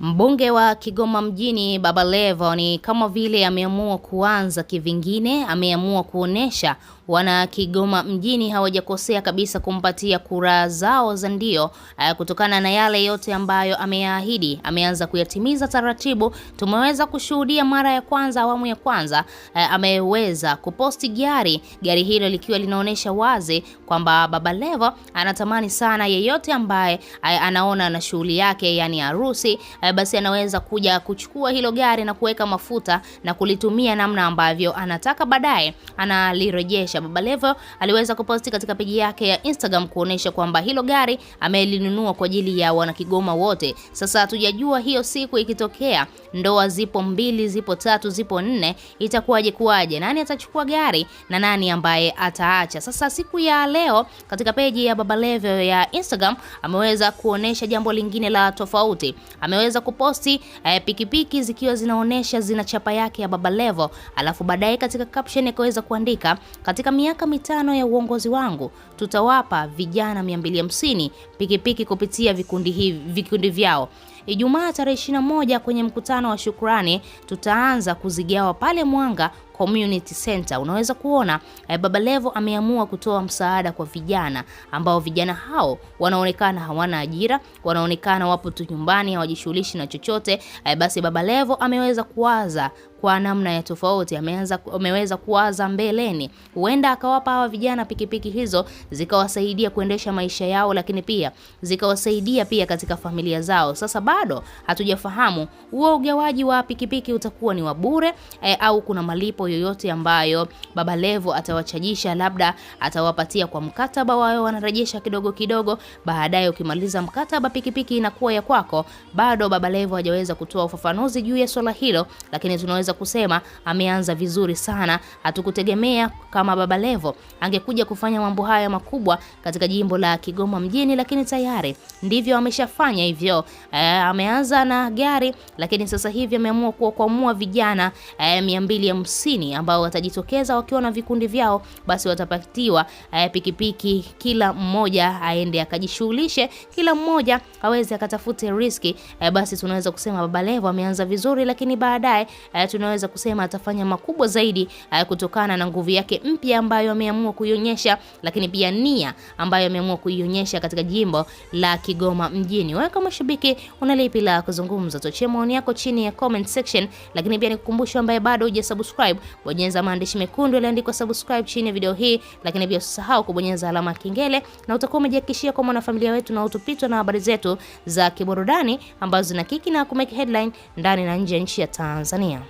Mbunge wa Kigoma mjini Baba Levo ni kama vile ameamua kuanza kivingine, ameamua kuonesha wana Kigoma mjini hawajakosea kabisa kumpatia kura zao za ndio, eh, kutokana na yale yote ambayo ameyaahidi, ameanza kuyatimiza taratibu. Tumeweza kushuhudia mara ya kwanza, awamu ya kwanza, eh, ameweza kuposti gari, gari hilo likiwa linaonesha wazi kwamba Baba Levo anatamani sana yeyote ambaye eh, anaona na shughuli yake, yani harusi Eh, basi anaweza kuja kuchukua hilo gari na kuweka mafuta na kulitumia namna ambavyo anataka, baadaye analirejesha. Baba Levo aliweza kuposti katika peji yake ya Instagram kuonesha kwamba hilo gari amelinunua kwa ajili ya wanakigoma wote. Sasa hatujajua hiyo siku ikitokea ndoa zipo mbili, zipo tatu, zipo nne, itakuwaje kuwaje? Nani atachukua gari na nani ambaye ataacha? Sasa siku ya leo katika peji ya Baba Levo ya Instagram ameweza kuonesha jambo lingine la tofauti. Ameweza ameweza kuposti eh, pikipiki zikiwa zinaonesha zina chapa yake ya Baba Levo, alafu baadaye katika caption akaweza kuandika katika miaka mitano ya uongozi wangu tutawapa vijana 250 pikipiki kupitia vikundi hivi, vikundi vyao. Ijumaa tarehe 21 kwenye mkutano wa shukrani tutaanza kuzigawa pale Mwanga Community Center. Unaweza kuona eh, Baba Levo ameamua kutoa msaada kwa vijana ambao vijana hao wanaonekana hawana ajira, wanaonekana wapo tu nyumbani hawajishughulishi na chochote eh, basi Baba Levo ameweza kuwaza kwa namna ya tofauti ameanza ameweza kuwaza mbeleni, huenda akawapa hawa vijana pikipiki hizo zikawasaidia kuendesha maisha yao, lakini pia zikawasaidia pia katika familia zao. Sasa bado hatujafahamu huo ugawaji wa pikipiki utakuwa ni wa bure eh, au kuna malipo yoyote ambayo Baba Levo atawachajisha, labda atawapatia kwa mkataba wao, wanarejesha kidogo kidogo, baadaye ukimaliza mkataba pikipiki inakuwa ya kwako. Bado Baba Levo hajaweza kutoa ufafanuzi juu ya swala hilo, lakini tunaweza kusema ameanza vizuri sana. Hatukutegemea kama Baba Levo angekuja kufanya mambo haya makubwa katika jimbo la Kigoma mjini, lakini tayari ndivyo ameshafanya hivyo. E, ameanza na gari, lakini sasa hivi ameamua kuwakwamua vijana e, hamsini ambao watajitokeza wakiwa na vikundi vyao, basi watapatiwa eh, pikipiki, kila mmoja aende akajishughulishe, kila mmoja aweze akatafute riski. Eh, basi tunaweza kusema Baba Levo ameanza vizuri, lakini baadaye eh, tunaweza kusema atafanya makubwa zaidi kutokana na nguvu yake mpya ambayo ameamua kuionyesha, lakini pia nia ambayo ameamua kuionyesha katika jimbo la Kigoma mjini. Wewe kama shabiki unalipi la kuzungumza? Tochea maoni yako chini ya comment section, lakini pia nikukumbusha ambaye bado hujasubscribe bonyeza maandishi mekundu yaliyoandikwa subscribe chini ya video hii, lakini pia usisahau kubonyeza alama ya kengele na utakuwa umejihakikishia kwa mwanafamilia wetu na utupitwa na habari zetu za kiburudani ambazo zina kiki na kumake headline ndani na nje ya nchi ya Tanzania.